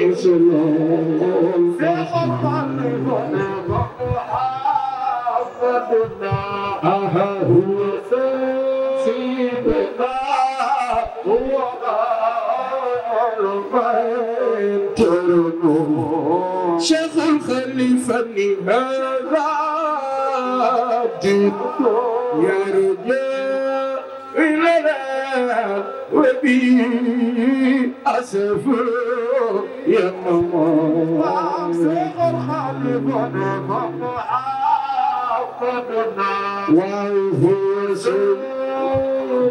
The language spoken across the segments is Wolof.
سلوم سيخ الظل ونبق حافظنا أها هو سيدنا هو الخير شيخ الخليفة لماذا يا رجال إلى وبي أسفر يقوم وامسك الخالق نظام عاقبنا والفوز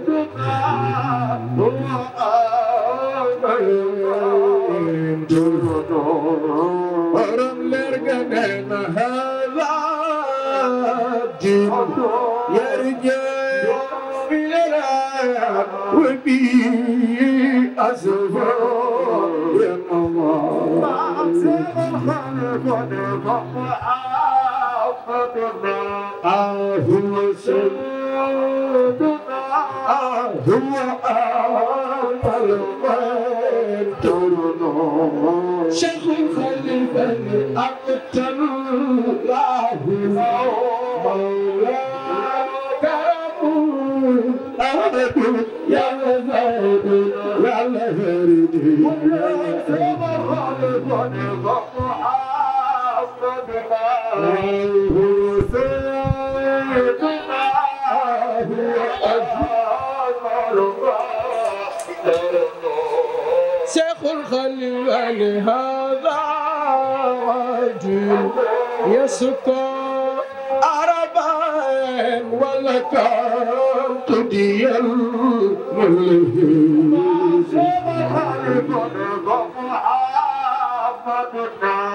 بنا هو امين جلد ورم لرقنا هذا جيب يرجع في الالعاب وبي اسفل هو سيدنا هو أول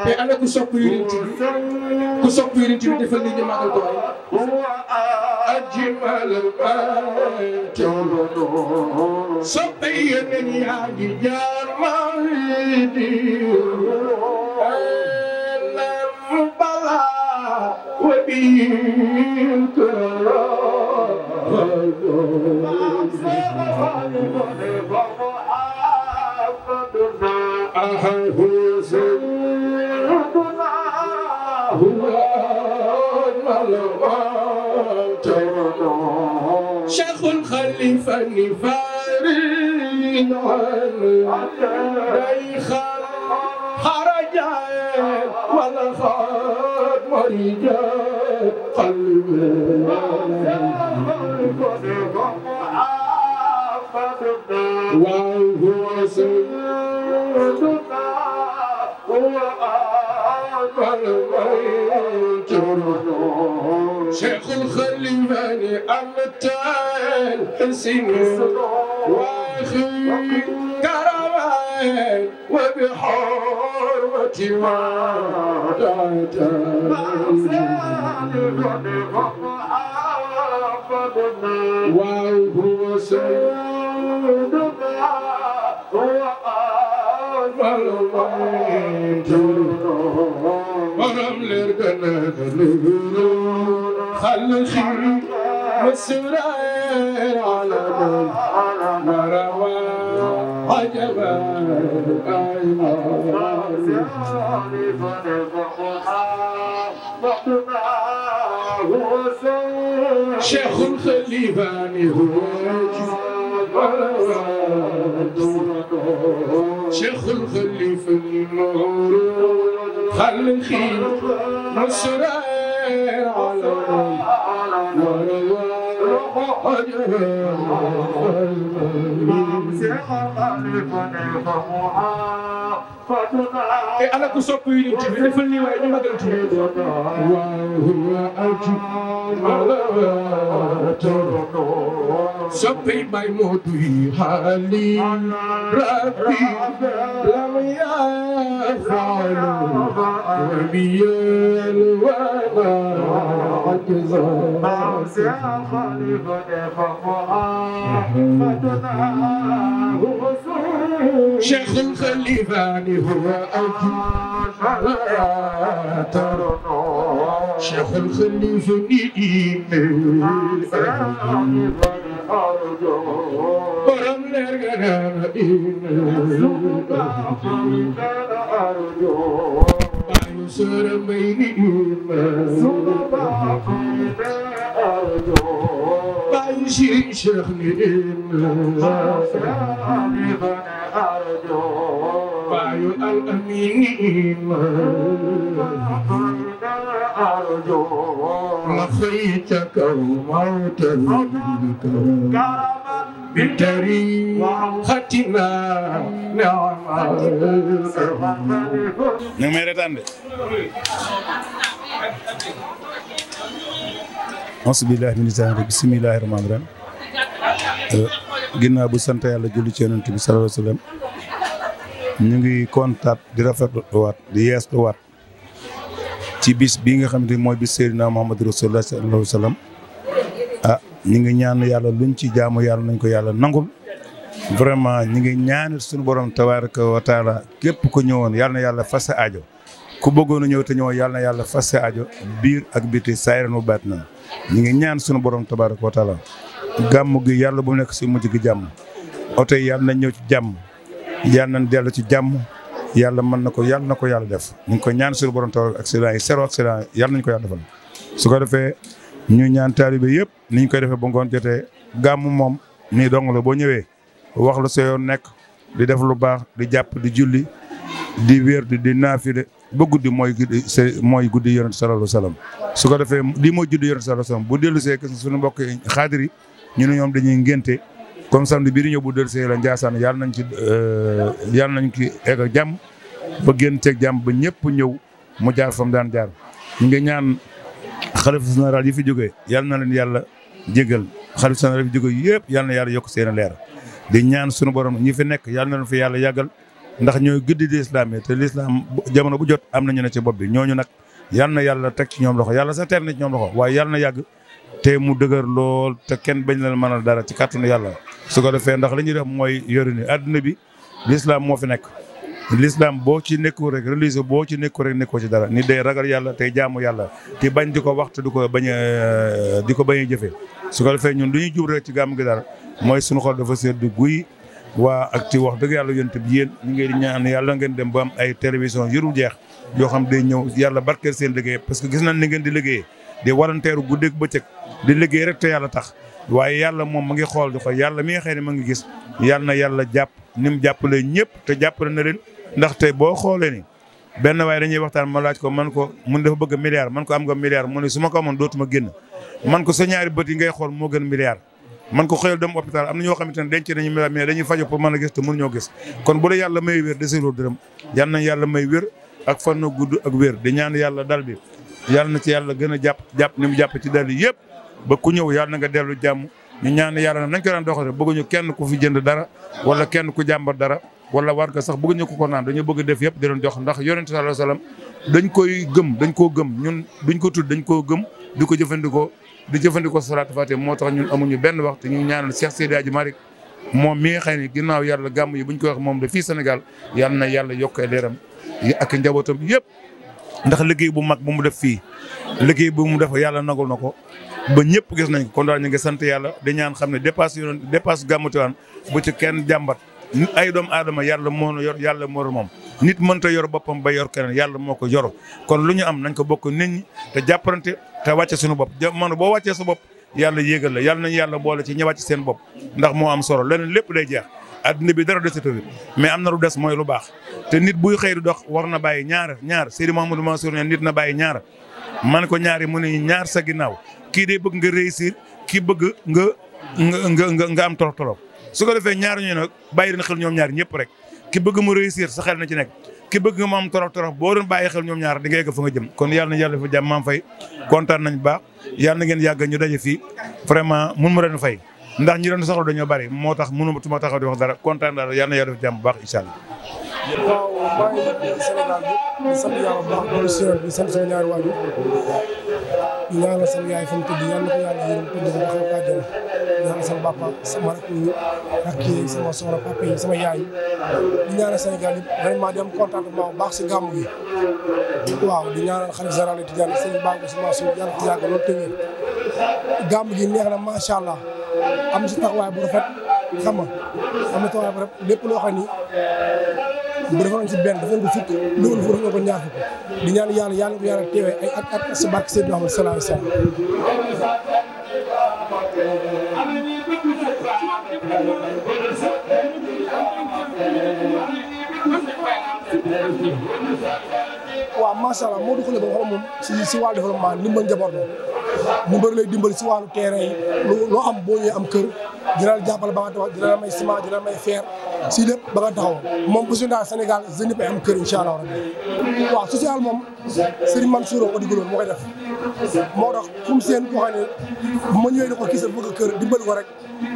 te ana ku sopp yonent ku sopp yonent bi defal nit ñi màggal ko waay soppe yeneen yaa ngi jaar maa di lam فن فارين عن حرجا ولا خاد مريجا قلبنا وهو سيدنا هو آمن من جرده شيخ الخليفاني المتان سنين واخي كرمان وبحرمة ما وهو سيد ما هو أجمل ما ترى ورم لرقنا كل الحمد والسرائر على من مروى عجبا الأيمان شيخ الخليفان هو شيخ الخليفة المغرور خلخي نسرائي e ana ku sopp yu ñu ci defal ni waaye ñu magal ci waaw soppey bay moodu yi xaali rabbi lam yafaalu wa biyal wana معجزا موسع خليفة فقها فتدعاه شيخ الخليفة هو أجل ترنو شيخ الخليفة نيم برم لرغنا إيم أرجو منصور بين إيمان بعيشين شيخني إيمان بعيو الأمين إيمان أرجو لقيتك موتا كرما بطريقتنا نعم bismillaahi bismillaahi rahmaani rahiim ginnaaw bu sant yàlla julli ci yonent bi sallallaahu alayhi ñu ngi kontaat di rafetlu waat di yeestu waat ci biis bi nga xamante ni mooy bis Seydina Muhammadu Rasulullah sallallahu alayhi wa sallam ah ñu ngi ñaan yàlla luñ ci jaamu yàlla nañ ko yàlla nangul vraiment ñu ngi ñaan suñu borom tabaraka wa képp ku ñëwoon yàlla na yàlla fas sa aajo ku bëggoon a ñëw te ñëw yàlla yàlla fas sa ajo biir ak biti saayiran wa na ñu ngi ñaan suñu borom tabaraka wa taala gàmm gi yàlla bu nekk si mujj gi jàmm oto yi yàlla nañ ñëw ci jàmm yàlla nañ dellu ci jàmm yàlla mën na ko yàlla na ko yàlla def ñu ngi koy ñaan suñu borom taw accident yi zéro accident yàlla nañu ko yàlla defal su ko defee ñu ñaan taalibe yëpp ni ñu koy defee ba ngoon jotee gàmmu moom nii dong la boo ñëwee wax la sa yoon nekk di def lu baax di jàpp di julli di wér di di naafile ba guddi mooy guddi mooy guddi yonent sallallahu alayhi wasallam su ko defee lii mooy juddi yonent sallallahu alayhi wasallam bu dellu see suñu mbokk xaadir yi ñu ne ñoom dañuy ngénte comme samedi bii di ñëw bu dër see la Ndiassane yàlla nañ ci euh, yàlla nañ ci egg jàmm ba génn ceeg jàmm ba ñëpp ñëw mu jaar fa daan jaar ñu ngi ñaan xalifa général yi fi jógee yàlla na leen yàlla jégal xalifa général yi fi jógee yëpp yàlla na yàlla yokk seen leer di ñaan sunu borom ñi fi nekk yàlla na leen fi yàlla yàggal ndax ñooy gëdd di islam yi te l'islam jamono bu jot am nañu ne ci bopp bi ñooñu nag yàlla na yàlla teg ci ñoom loxo yàlla sa teel na ci ñoom loxo waaye yàlla yàgg te mu dëgër lool te kenn bañ leen mënal dara ci kàttanu yàlla su ko defee ndax li ñuy def mooy yoru ni àdduna bi l'islam moo fi nekk l'islam boo ci nekkul rek religieux boo ci nekkul rek nekkoo ci dara nit dee ragal yàlla tey jaamu yàlla te bañ di ko waxtu di ko bañ a di ko bañ jëfee su ko defee ñun lu ñuy jub rek ci gàmm gi dara mooy suñu xol dafa sedd guy waa ak ci wax dëgg yàlla yonent bi yéen ñu ngi ñaan yàlla ngeen dem ba am ay télévision yorul jeex yoo xam day ñëw yàlla barkeel seen liggéey parce que gis nañ ni ngeen di liggéey di waranteeru di liggéey rek te yàlla tax waaye yàlla moom ma ngi xool di ko yàlla mi nga xam ne ma ngi gis yàlla na yàlla jàpp ni jàppale ñëpp te jàppale na leen ndaxte boo xoolee ni benn waaye dañuy waxtaan ma ko man ko mun dafa bëgg milliard man ko am nga milliard mu ne su ma ko amoon dootuma génn man ko sa ñaari bët yi ngay xool moo gën milliard man ko xëyal dem hôpital am na ñoo xamante ne denc nañu milliard mais dañuy fajo pour mën a gis te gis kon bu la may wér desiloo dërëm yal na yàlla may wér ak fan gudd ak wér di ñaan yàlla dal bi yàlla na ci yàlla gën a jàpp jàpp ni jàpp ci dal yëpp ba ku ñëw yàlla na nga dellu jàmm ñu ñaan na nañ ko daan doxal bëgguñu kenn ku fi jënd dara wala kenn ku jàmbar dara wala war nga sax bëgguñu ko ko naan dañu bëgg def yëpp di leen jox ndax yonente sallallahu alayhi dañ koy gëm dañ koo gëm ñun duñ ko tudd dañ koo gëm di ko jëfandikoo di jëfandikoo salaatu faatiha moo tax ñun amuñu benn waxtu ñu ñaanal seex Seydi Hadji Malick moom mi nga xam ne ginnaaw yàlla gàmm yi buñ ko wax moom de fii senegal yàlla na yàlla yokk leeram ak njabootam yëpp ndax liggéey bu mag bu mu def fii liggéey bu mu def yàlla nagul na ko ba ñëpp gis nañ ko kon daal ñu ngi sant yàlla di ñaan xam ne dépasse yoon dépasse gàmmu Tiwaawan bu ci kenn jàmbat ay doomu adama yàlla moo yor yàlla moo moom nit mën mënta yor boppam ba yor keneen yàlla moo ko yor kon lu ñu am nañ ko bokk nit ñi te jàppante te wàcce suñu bopp man boo wàccee su bopp yàlla yéegal la yàlla nañu yàlla boole ci ñëwaat ci seen bopp ndax moo am solo leneen lépp day jeex adduna bi dara desatu bi mais am na lu des mooy lu baax te nit buy xëy dox war na bàyyi ñaar ñaar Seydi Mahamadou Mansour ne nit na bàyyi ñaar man ko ñaari mu ne ñaar sa ginnaaw kii day bëgg nga réussir kii bëgg nga nga nga nga am tolof tolof su ko defee ñaar ñu nag bàyyi leen xel ñoom ñaar ñëpp rek ki bëgg mu réussir sa xel na ci nekk ki bëgg nga mu am torof torof boo doon bàyyi xel ñoom ñaar di nga yegg fa nga jëm kon yàlla na yàlla dafa jàmm maam fay kontaan nañ baax yàlla na ngeen yàgg ñu daje fii vraiment mun mu ren fay ndax ñi doon soxla dañoo bari moo tax mënuma tuma taxaw di wax dara kontaan daal yàlla na yàlla baax incha waaw maa ngi déglu Sénégal bi di sant yàlla bu baax di sant di sant sama ñaari waajur di ñaanal sama yaay fa mu tëdd yàlla na ko yàlla yërëm tëdd ba xaw kaa jël ñaanal sama papa sama rakk yi sama soxna papa yi sama yaay di ñaanal Sénégal yëpp vraiment di am contentement bu baax si gàmm gi waaw di ñaanal xalif général di Tijaan sëñ Babou Sama Sow yàlla ci yàgg loolu tëwéer gàmm gi neex na macha allah am si taxawaay bu rafet xam nga am na taxawaay bu rafet lépp loo xam ni bu defoon si benn defoon ko fukk dugal ko defoon ko ñaar fukk di ñaan yàlla yàlla ko yàlla teewee ay at at si barke Seydina Muhammad sallallahu alayhi wa sallam waaw macha allah moo dugalee ba xam moom si si wàllu développement ni mu mën njaboot mu bëri lay dimbali si wàllu terrain yi loo am boo ñëwee am kër dina la jàppale ba nga dina la may ciment dina la may fer si lépp ba nga taxaw moom bu sundaa Sénégal jeunesse bi am kër incha allah rabbi waaw social moom Serigne Mansour ko digaloon moo koy def moo tax fu mu seen koo xam ne bu ma ñëwee di ko gisal bëgg kër dimbali ko rek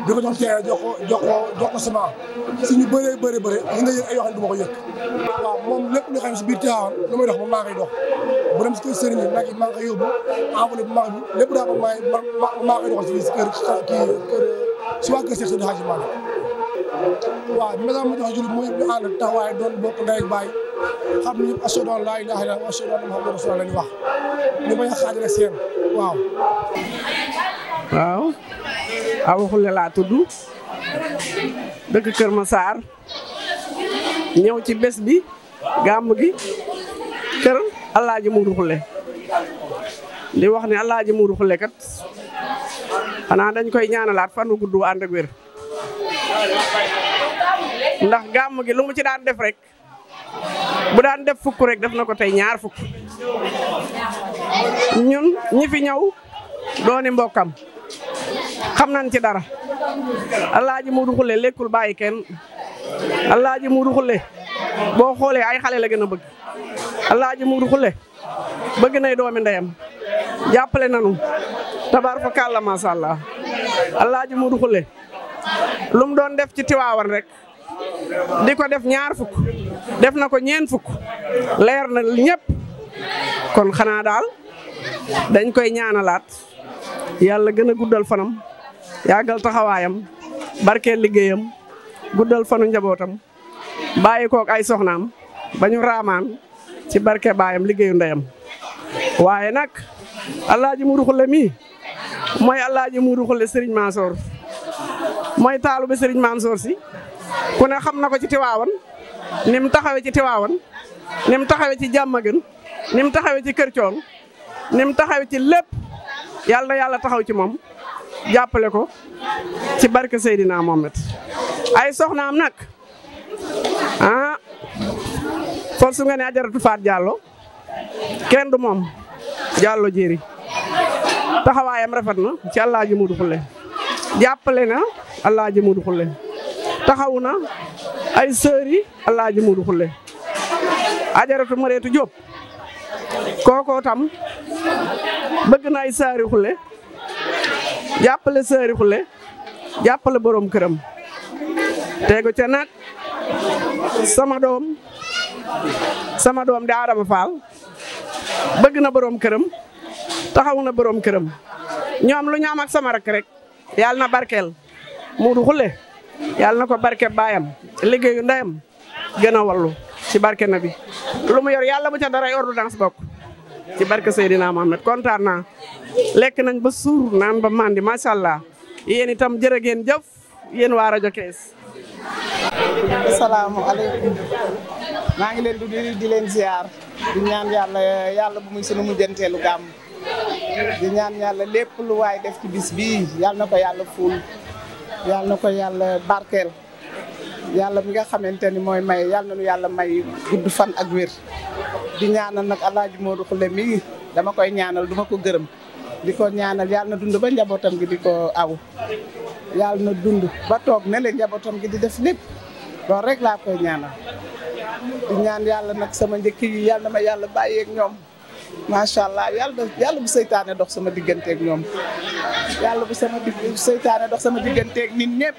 di ko jox teere jox ko jox ko jox ko ciment suñu bëree bëri bëri li nga yëg du ma ko yëg moom lépp lu xam si biir Tivaouane lu may dox moom maa ngi dox bu dem kër Serigne nag yi maa kër kii kër si waa kër waaw message ma jox jullit mooy ñu ànd taxawaay doon bokk ndey ak baay xam ne ñëpp ashhadu an laa ilaaha illallaah wa ashhadu anna muhammadan rasuulullaah lañu wax ñu bañ a xaajale seen waaw. waaw. Awa Khoule laa tudd dëkk Kër Massar ñëw ci bés bi gàmm gi kër El Hadj Modou Khoule di wax ne El Hadj Modou Khoule kat xanaa dañ koy ñaanalaat fan wu gudd ànd ak wér. ndax gàmm gi lu mu ci daan def rek bu daan def fukk rek def na ko tey ñaar fukk ñun ñi fi ñëw dooni mbokkam xam nañ ci dara alaaji Modou Khoule lekkul bàyyi kenn alaaji Modou Khoule boo xoolee ay xale la gën a bëgg ji Modou Khoule bëgg nay doomi ndeyam jàppale nanu tabaar fa kàlla macha allah alaaji Modou Khoule lu doon def ci tiwaawan rek di ko def ñaar fukk def na ko ñeen fukk leer na ñëpp kon xanaa daal dañ koy ñaanalaat yàlla gën a guddal fanam yàggal taxawaayam barkeel liggéeyam guddal fanu njabootam bàyyi kook ay soxnaam bañu raamaan ci barke baayam liggéeyu ndeyam waaye nag alaaji Modou Khoule mii mooy alaaji Modou sëriñ Serigne mooy taalu bi sëriñ Mansour si ku ne xam na ko ci Tiwaawan ni mu taxawee ci Tiwaawan ni taxawe ci Jàmmagën ni mu taxawee ci Kër Coon ni mu taxawee ci lépp yàlla yàlla taxaw ci moom jàppale ko ci barke moom Mohamed ay soxnaam nag ah force nga ne ajaratu Faat Jàllo kenn du moom Jàllo jéeri taxawaayam rafet na ci Alaaji Mudu Xulle jàppale na Alaaji Mudu Xulle taxaw na ay sœurs yi Alaaji Mudu Xulle ajaratu Mareetu Jóob kookoo tam bëgg na ay sœurs yu Xulle jàppale sœurs yu Xulle jàppale borom këram tegu ca nag sama doom sama doom di Adama Fall bëgg na borom këram taxaw na borom këram ñoom lu ñu am ak sama rakk rek yàlla na barkeel Mudu Xulle yàlla na ko barke baayam liggéeyu ndeyam gën a wallu ci barke na bi lu mu yor yàlla bu ca daray ordonnance bokk ci barke Seydina Mohamed kontaan naa lekk nañ ba suur naan ba mandi macha allah yéen itam jërë ngeen jëf yéen waa rajo Kees. asalaamaaleykum maa ngi leen di nuyu di leen ziar di ñaan yàlla yàlla bu muy sunu mujjanteelu gàmm di ñaan yàlla lépp lu waay def ci bis bii yàlla na ko yàlla ful. yàlla na ko yàlla barkeel yàlla mi nga xamante ni mooy may yàlla na nu yàlla may gudd fan ak wér di ñaanal nag alaaji Modou Khoule mi dama koy ñaanal duma ko gërëm di ko ñaanal yàlla na dund ba njabootam gi di ko aw yàlla na dund ba toog ne le njabootam gi di def lépp loolu rek laa koy ñaanal di ñaan yàlla nag sama njëkk yi yàlla ma yàlla bàyyeeg ñoom macha allah yàlla yàlla bu seytaane dox sama digganteeg ñoom yàlla bu sama digg seytaane sama digganteeg nit ñëpp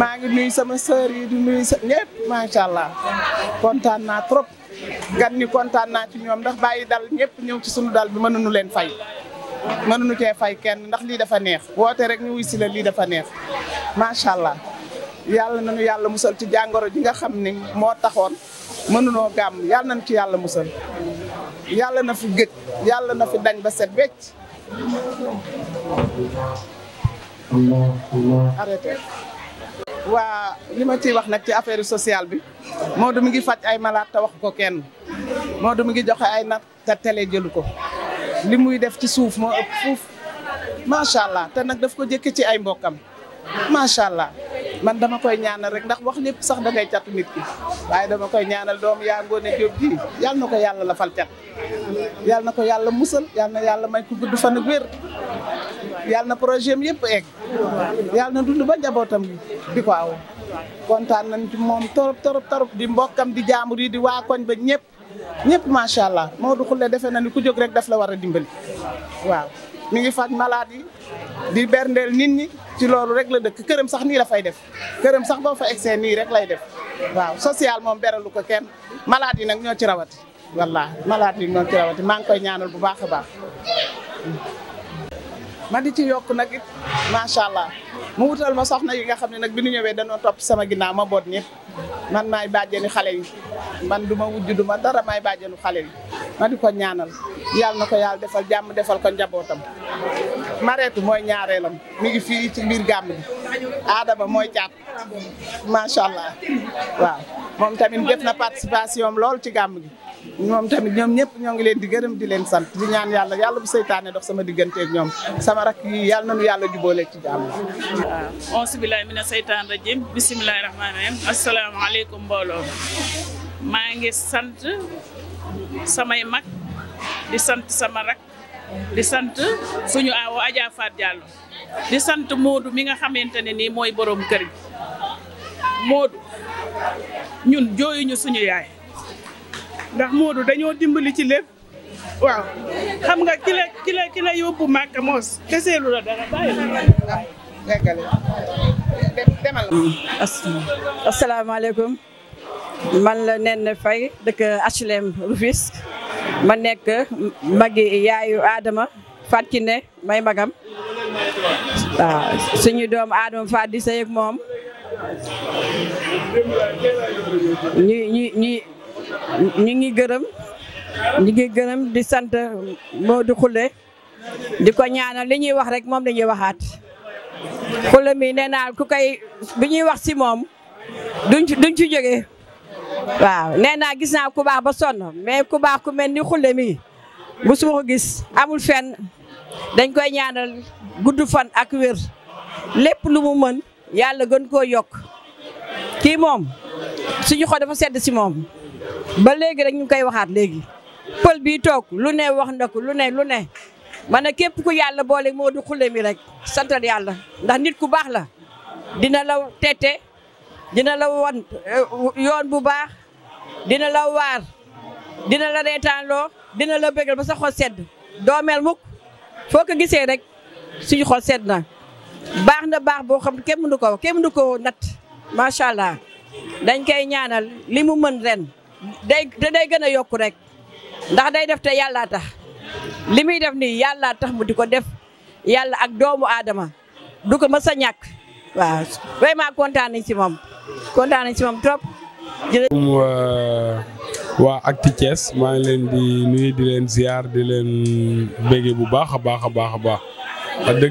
maa ngi nuyu sama sœur yi di nuyu sa ñëpp macha allah kontaan naa trop gan ñi kontaan naa ci ñoom ndax bàyyi dal ñëpp ñëw ci sunu dal bi mënuñu leen fay mënuñu cee fay kenn ndax lii dafa neex woote rek ñu wuy si la lii dafa neex macha allah yàlla nañu yàlla musal ci jàngoro ji nga xam ne moo taxoon mënunoo gàmm yàlla nañu ci yàlla musal yàlla na fi gëj yàlla na fi dañ ba set wecc arrêté waa li ma ciy wax nag ci affaire sociale bi Modou mi ngi faj ay malaat te wax ko kenn Modou mi ngi joxe ay nat te télé jëlu ko li muy def ci suuf moo ëpp fuuf macha allah te nag def ko jëkke ci ay mbokkam macha allah. man dama koy ñaanal rek ndax wax lépp sax da ngay nit ki waaye dama koy ñaanal doom yaa ngoone jóg ji yal na ko yàlla la fal cat yal na ko yàlla musal yal na yàlla may ko gudd fan ak wér yal na projet am yëpp egg yal na dund ba njabootam bi ko aw kontaan nañ ci moom torop torop torop di mbokkam di jaambur yi di waa koñ ba ñëpp ñëpp macha allah Maodo Khoule defe na ni ku jóg rek daf la war a dimbali waaw mi ngi faj malade yi di berndeel nit ñi ci loolu rek la dëkk këram sax nii la fay def këram sax boo fa egsee nii rek lay def waaw social moom beralu ko kenn malaat yi nag ñoo ci rawati wallaahi malade yi ñoo ci rawati maa ngi koy ñaanal bu baax a baax ma di ci yokk nag it macha allah mu wutal ma soxna yi nga xam ne nag bi nu ñëwee danoo topp sama ginnaaw ma boot ñëpp man maay bàjjenu xale yi man du ma wujj du ma dara maay bàjjenu xale yi ma di ko ñaanal yàlla na ko yàlla defal jàmm defal ko njabootam mareetu mooy ñaareelam mi ngi fii ci biir gàmm bi aadama mooy caat macha allah waaw moom tamit def na participation lool ci gàmm gi ñoom tamit ñoom ñëpp ñoo ngi leen di gërëm di leen sant di ñaan yàlla yàlla bu seytaane dox sama digganteeg ñoom sama rak yi yàlla nañu yàlla jubóole ci jàmm. waaw auzu billaahi mina seytaan rajim bismillaahi rahmaani rahim asalaamaaleykum mbooloo maa ngi sant samay mag di sant sama rak di sant suñu aw Adja Faat di sant Moodu mi nga xamante ne nii mooy borom kër gi Moodu ñun jooyuñu suñu yaay. ndax Modou dañoo dimbali ci lépp waaw xam nga ki la ki la yóbbu Màkka moos deseelu la dara bàyyi asalaamaaleykum man la Néné Faye dëkk HLM Rufisque ma nekk magi yaayu Adama Fatou Kiné may magam waaw suñu doom Adama Fatou di sëy moom ñu ñu ñu ngi gërëm ñu ngi gërëm di sant di xule di ko ñaanal li ñuy wax rek moom la ñuy waxaat Khoule mi nee naa ku koy bi ñuy wax si moom duñ duñ ci jóge waaw nee naa gis naa ku baax ba sonn mais ku baax ku mel ni Khoule mi bu su ma gis amul fen dañ koy ñaanal gudd fan ak wér lépp lu mu mën yàlla gën koo yokk kii moom suñu xol dafa sedd si moom ba léegi rek ñu koy waxaat léegi pël bii toog lu ne wax na ko lu ne lu ne ma ne képp ku yàlla boole moo du xulle mi rek santal yàlla ndax nit ku baax la dina la tete dina la wan eh, yoon bu baax dina la waar dina la reetaanloo dina la bégal ba sa xol sedd doomeel mukk foo ko gisee rek si xol sedd na baax na baax boo xam kenn mënu ko kenn mënu ko natt macha allah dañ koy ñaanal li mu mën ren day day gën a yokku rek ndax day def te yàllaa tax li muy def nii yàllaa tax mu di ko def yàlla ak doomu aadama du ko mës a ñàkk waaw vraiment kontaan nañ si moom kontaan nañ si moom trop. Euh, waa Actu Thiès maa leen di nuyu di leen ziar di leen bége bu baax a baax a baax a baax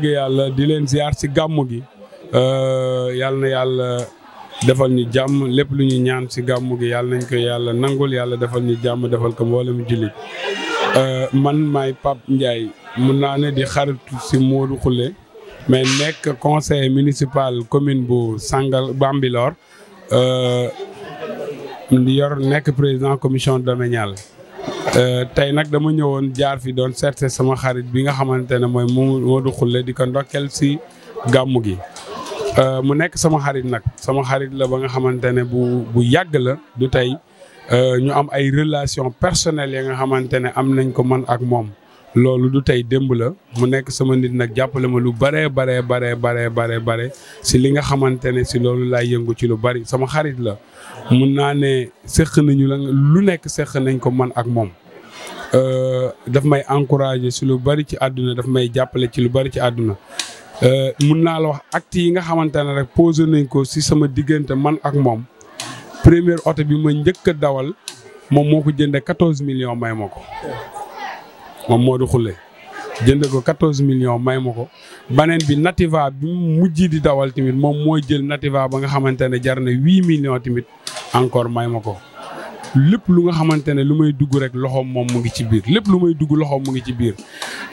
yàlla di leen ziar si gàmmu gi euh, yàlla na yàlla. defal ñu jàmm lépp lu ñu ñaan si gàmmu gi yàlla nañ ko yàlla nangul yàlla defal ñu jàmm defal ko mboolem jullit euh, man may Pape Ndiaye mun naa ne di xaritu si Modou Khoule mais nekk conseil municipal commune bu Sangal Bambilor euh, yor nekk président commission domaniale euh, tey nag dama ñëwoon jaar fi doon seet sama xarit bi nga xamante ne mooy Modou Khoule di ko ndokkel si gàmmu gi Euh, mu nekk sama xarit nag sama xarit la ba nga xamante ne bu bu yàgg la du tey euh, ñu am ay relation personnelle ya nga xamante ne am nañ ko man ak moom loolu du tey démb la mu nekk sama nit nag jàppale ma lu bare bare bare bare bare bare si li nga xamante ne si loolu laay yëngu ci lu bari sama xarit la mun naa ne séq nañu la lu nekk séq nañ ko man ak moom euh, daf may encourager si lu bari ci àdduna daf may jàppale ci lu bari ci àdduna Euh, mun naa la wax acte yi nga xamante ne rek posé nañ ko si sama diggante man ak moom première oto bi ma njëkk a dawal moom moo ko jëndee quatorze millions may ma ko moom moo du xule jënd ko quatorze millions may ma ko baneen bi nativa bi mu mujj di dawal tamit moom mooy jël nativa ba nga xamante ne jar na huit million tamit encore may ma ko lépp lu nga xamante ne lu may dugg rek loxoom moom mu ngi ci biir lépp lu may dugg loxoom mu ngi ci biir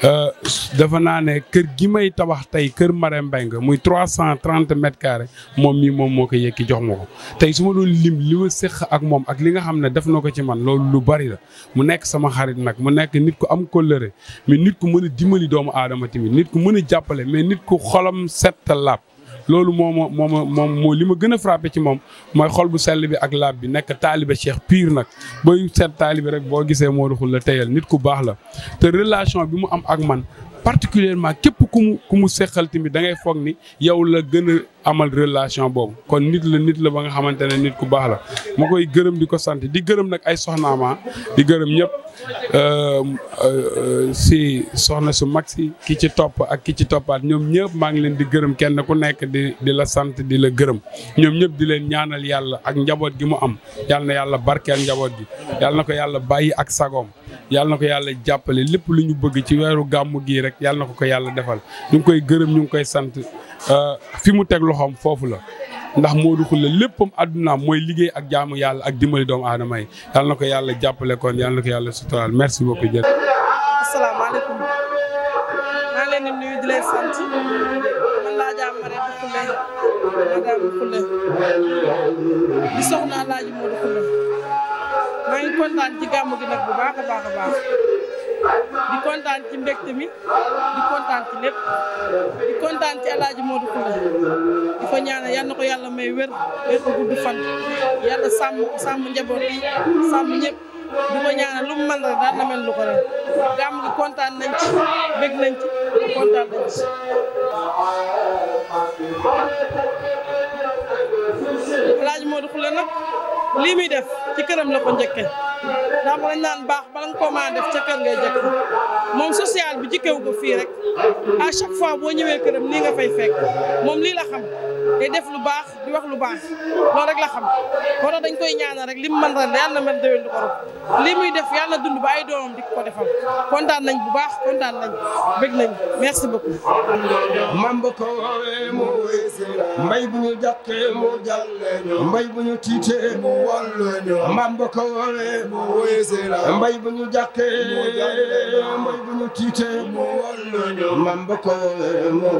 Euh, dafa naa ne kër gi may tabax tey kër Marème Mbengue muy trois cent trente mètres moom mii moom moo ko yekki jox ma ko tey su ma doon lim li ma séq ak moom ak li nga xam ne def na ko ci man loolu lu bari la mu nekk sama xarit nag mu nekk nit ku am kóllëre mais nit ku mën a doomu aadama tamit nit ku mën a jàppale mais nit ku xolam set laab loolu moo ma moo ma moom moo li ma gën a frappé ci moom mooy xol bu sell bi ak laab bi nekk taalibe Cheikh piir nag booy seet taalibe rek boo gisee Modou Khoule la teyal nit ku baax la te relation bi mu am ak man particulièrement képp ku mu ku mu seqal tamit da ngay foog ni yow la gën a amal relation boobu kon nit la nit la ba nga xamante ne nit ku baax la ma koy gërëm di ko sant di gërëm nag ay soxnaama ah, di gërëm ñëpp euh, euh, si soxna su mag si ki ci topp ak ki ci toppaat ñoom ñëpp maa ngi leen di gërëm kenn ku nekk di di la sant di la gërëm ñoom ñëpp di leen ñaanal yàlla ak njaboot gi mu am yàlla na yàlla barkeel njaboot gi yàlla na ko yàlla bàyyi ak sagoom yàlla na ko yàlla jàppale lépp lu ñu bëgg ci weeru gàmmu gii rek yàlla na ko ko yàlla defal ñu sant Euh, fi mu teg loxoom foofu la ndax Modou Khoule léppam àddunaam mooy liggéey ak jaamu yàlla ak dimbali doomu aadama yi na ko yàlla jàppale kon yàlla na ko yàlla suturaal merci beaucoup jërëjëf. asalaamaaleykum maa leen di nuyu di leen sant man laa jaam Mariama Khoule Mariama Khoule di soxna Alaaji Modou Khoule maa ngi kontaan ci gàmm gi nag bu baax baax baax. di kontaan ci mbégte mi di kontaan ci lépp di kontaan ci El Hadj Modou Kounda di fa ñaanal yal ko yàlla may wér wér bu gudd fan yàlla sàmm sàmm njaboot sàmm ñëpp di ko ñaanal lu mu mën rek daal na mel lu ko ren gàmm gi kontaan nañ ci bég nañ ci kontaan nañ ci. El Hadj Modou Kounda nag lii muy def ci këram la ko njëkkee. ndax ma naan baax bala ko mën a def ca kër ngay jëkk moom social bi jikkewu ko fii rek à chaque fois boo ñëwee këram nii nga fay fekk moom lii la xam te def lu baax di wax lu baax loolu rek la xam moo dañ koy ñaanal rek lim man mën ren yàlla na mel déwén du ko rob li muy def yàlla dund ba ay doomam di ko defal kontaan nañ bu baax kontaan daan bég nañ merci beaucoup mam ba ko woowee mu mbay bu ñu jàqee mu jàll mbay bu ñu tiitee mu wàlluñu mam ba ko woowee mu mbay bu ñu jàqee mbay bu ñu tiitee mu wàlluñu mam ñu ko woowee mu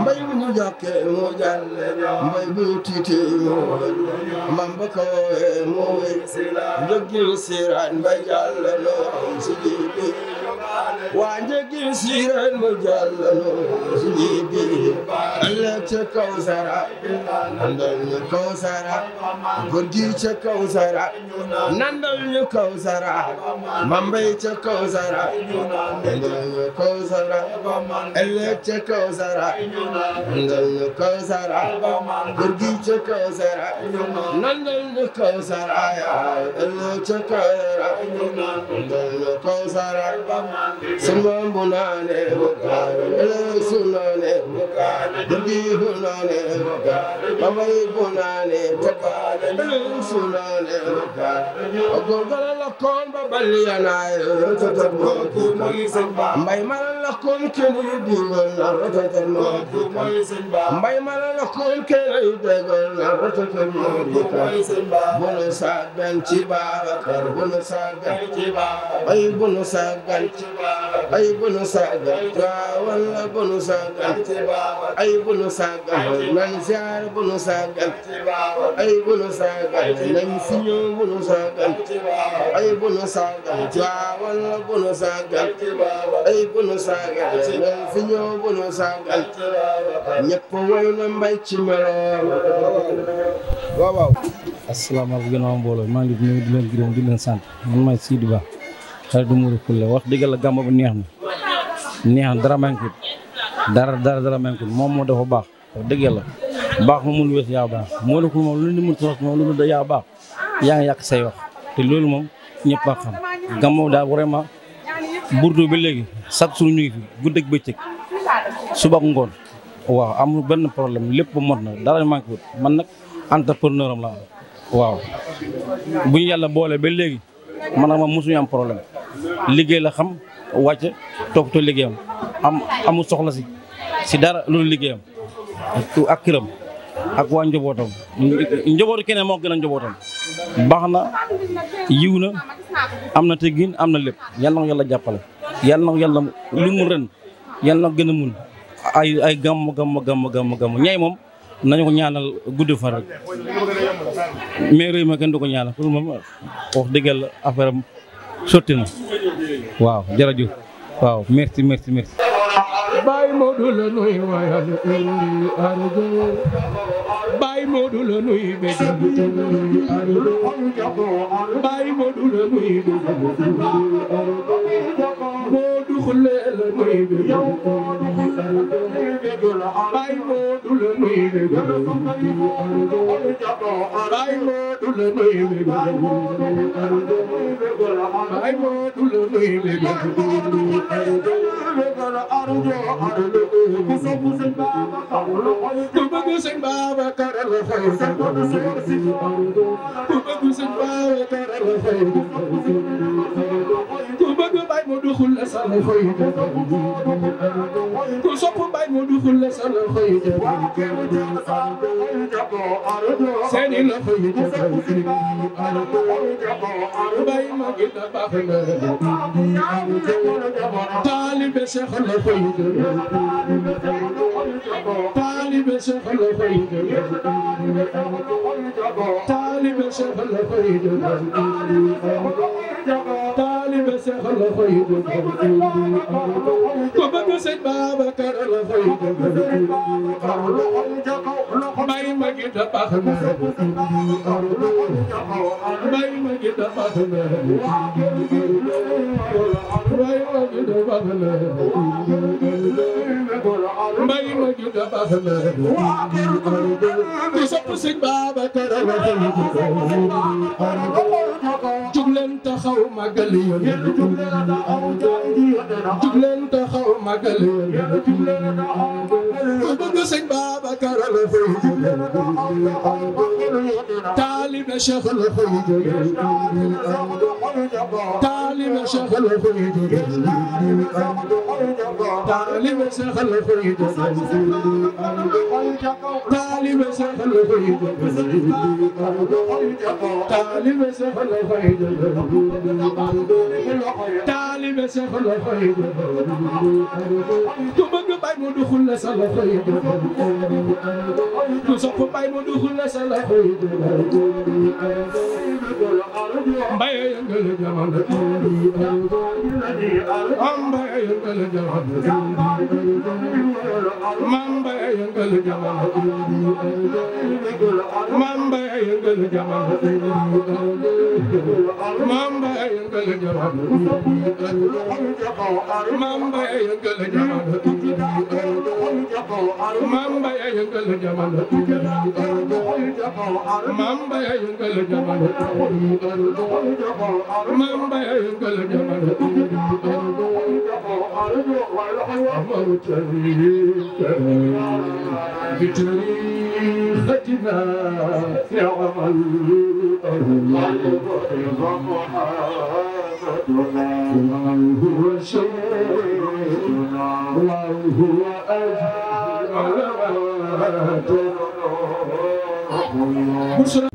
mbay bu ñu jàqee mu jàll mbay buy tiite moo wéy mamba ka wéy moo wéy joggil siraan وانجك سير المجلل سيدي لك كوثرة نندل كوثرة غرجي كوثرة نندل كوثرة ممبي كوثرة نندل كوثرة لك كوثرة نندل كوثرة غرجي كوثرة نندل كوثرة لك كوثرة نندل كوثرة سمبونا له وقالوا سنة دبي فلاني مبي فلاني تكالي فلاني أقول قال لكم ببلي أنا مبي مال لكم كني دول مبي مال لكم كني دول bunu sagan ci Babakar bunu sagan ay bunu sagan ay bunu sagan walla bunu sagan ay bu nu sàggal nañ ziar bu nu sàggal ay bu nu sàggal nañ siño bu nu sàggal ay bu nu sàggal Tiwaawan la bu nu sàggal ay bu nu bu nu maa ngi nuyu di leen gërëm di leen sant man maay Sidi Ba xale du Mourou Koule wax dëgg la gàmmu bi neex na neex dara dara dara may ko moom moo dafa baax wax baax ma mënul wees yaa baax moo la ko moom lu ñu mën toog moom lu ñu baax yaa ngi yàq say wax te loolu moom ñëpp a xam Gamou daal vraiment Bordeaux ba léegi chaque jour ñu ngi fi guddeeg bëccëg suba ngoon waaw amul benn problème lépp mot na dara manqué wut man nag entrepreneur am la waaw bu ñu yàlla boole ba léegi man ak moom mosuñu am problème liggéey la xam wàcce toppatoo liggéeyam am amul soxla si si dara loolu liggéeyam ak këram ak waa njobootam njobootu keneen moo gën a njobootam baax na yiw na am na teggin am na lépp yàlla na ko yàlla jàppale yàlla na ko yàlla lu mu ren yàlla na gën a mun ay ay gàmm gàmm gàmm gàmm gàmm ñay moom nañu ko ñaanal guddi fan rek mais ma kenn du ko ñaanal pour moom wax dëggal affaire am sotti na waaw jërëjëf waaw merci merci merci Moodu la nuy wayal indi arjo Baay Moodu la nuy bégal indi arjo Baay Moodu la nuy bégal indi arjo Moodu xule la nuy bégal bay Moodu la nuy be bay Moodu la nuy be bay Moodu la nuy be ku bëgg Sëñ Babacar la fay ku bëgg Sëñ Babacar la fay ku bëgg bay Moodu xul la sa la fay sopp bay mu duxul la sa loxo yi jaboo seeni loxo yi jaboo bay ma gi na baax na taalibe Cheikh loxo yi jaboo taalibe Cheikh la koy déglu taalibe Cheikh la koy déglu taalibe Cheikh la koy déglu ko bëgg Sëñ Babacar la koy déglu may ma gi da baax na may ma gi da baax na may ma gi da baax na ñu dafa sama wa akhiru di sopp sëñ Babacar jug leen taxaw màggal yoon jug leen taxaw màggal yoon ku bëgg sëñ Babacar la fay jóge taalibe Cheikh la fay jóge taalibe Cheikh la fay jóge taalibe Cheikh la fay jóge taalibe Cheikh la fay jóge taalibe Cheikh la fay jóge taalibe Cheikh la fay jóge ku bëgg bay mu duxul la sa lu sopp mbay mu duxul na sa la mbaye yëngal jamono mbaye yëngal jamono man mbaye yëngal jamono man mbaye yëngal jamono man mbaye yëngal jamono man mbaye yëngal jamono Mamba ya yëngal jamono Mamba ya yëngal jamono Mamba ya yëngal jamono Amaru tarika بطريقتنا نعم الله الله هو شيخنا الله هو أجمعون